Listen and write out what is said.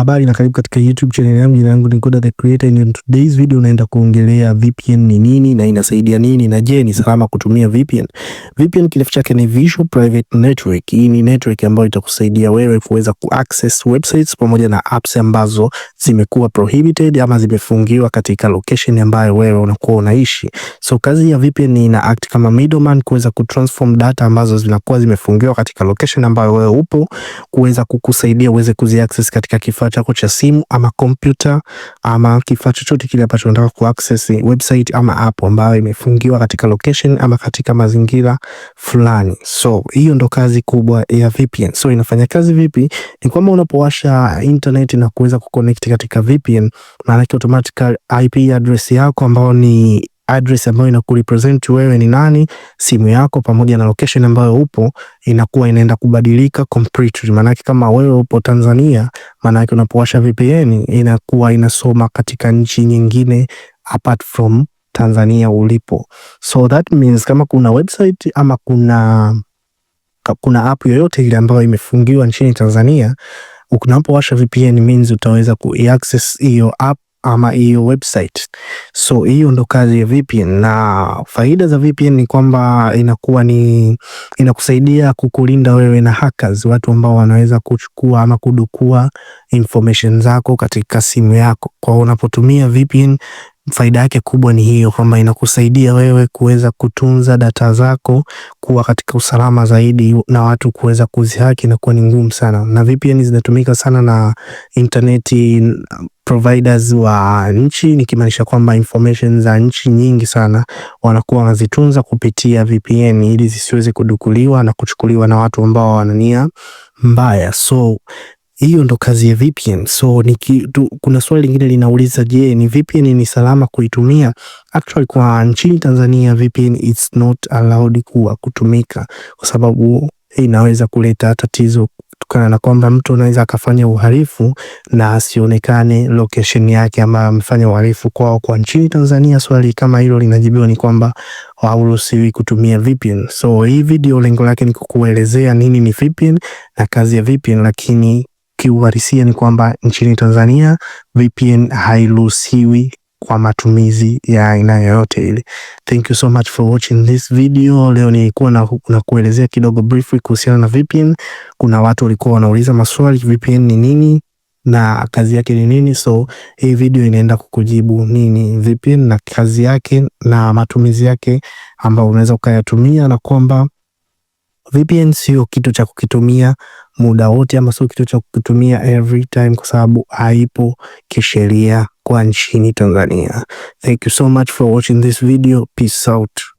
Habari na karibu katika YouTube channel yangu. Jina langu ni Koda the Creator, and in today's video naenda kuongelea VPN ni nini na inasaidia nini na je, ni salama kutumia VPN? VPN kirefu chake ni Virtual Private Network. Hii ni network ambayo itakusaidia wewe kuweza kuaccess websites pamoja na apps ambazo zimekuwa prohibited ama zimefungiwa katika location ambayo wewe unakuwa unaishi. So kazi ya VPN ni ina act kama middleman kuweza kutransform data ambazo zinakuwa zimefungiwa katika location ambayo wewe upo kuweza kukusaidia uweze kuziaccess katika kifaa kifaa chako cha simu ama kompyuta ama kifaa chochote kile ambacho unataka access website ama app ambayo imefungiwa katika location ama katika mazingira fulani. So hiyo ndo kazi kubwa ya VPN. So inafanya kazi vipi? Ni kwamba unapowasha internet na kuweza kuconnect katika VPN, maana automatically IP address yako ambayo ni address ambayo inakurepresent wewe ni nani, simu yako pamoja na location ambayo upo inakuwa inaenda kubadilika completely. Maana kama wewe upo Tanzania, maana yake unapowasha VPN inakuwa inasoma katika nchi nyingine apart from Tanzania ulipo. So that means kama kuna website ama kuna kuna app yoyote ile ambayo imefungiwa nchini Tanzania, unapowasha VPN means utaweza ku access hiyo app ama hiyo website. So hiyo ndo kazi ya VPN, na faida za VPN ni kwamba inakuwa ni inakusaidia kukulinda wewe na hackers, watu ambao wanaweza kuchukua ama kudukua information zako katika simu yako. Kwa unapotumia VPN faida yake kubwa ni hiyo kwamba inakusaidia wewe kuweza kutunza data zako kuwa katika usalama zaidi na watu kuweza kuzihaki na kuwa ni ngumu sana. Na VPN zinatumika sana na internet providers wa nchi, nikimaanisha kwamba information za nchi nyingi sana wanakuwa wanazitunza kupitia VPN ili zisiweze kudukuliwa na kuchukuliwa na watu ambao wanania mbaya so hiyo ndo kazi ya VPN. So ni kitu, kuna swali lingine linauliza, je, ni VPN ni salama kuitumia? Actually kwa nchini Tanzania VPN it's not allowed kuwa kutumika kwa sababu inaweza kuleta tatizo kutokana na kwamba mtu anaweza akafanya uhalifu na asionekane location yake ama amefanya uhalifu kwao. Kwa nchini Tanzania swali kama hilo linajibiwa ni kwamba hauruhusiwi kutumia VPN. So hii video lengo lake ni kukuelezea nini ni VPN na kazi ya VPN, lakini kiuharisia ni kwamba nchini Tanzania VPN hairuhusiwi kwa matumizi ya aina yoyote ile. Thank you so much for watching this video. Leo nilikuwa na, na kuelezea kidogo briefly kuhusiana na VPN. Kuna watu walikuwa wanauliza maswali VPN ni nini na kazi yake ni nini, so hii video inaenda kukujibu nini VPN na kazi yake na matumizi yake ambayo unaweza ukayatumia na kwamba VPN yaani sio kitu cha kukitumia muda wote, ama sio kitu cha kukitumia every time, kwa sababu haipo kisheria kwa nchini Tanzania. Thank you so much for watching this video. Peace out.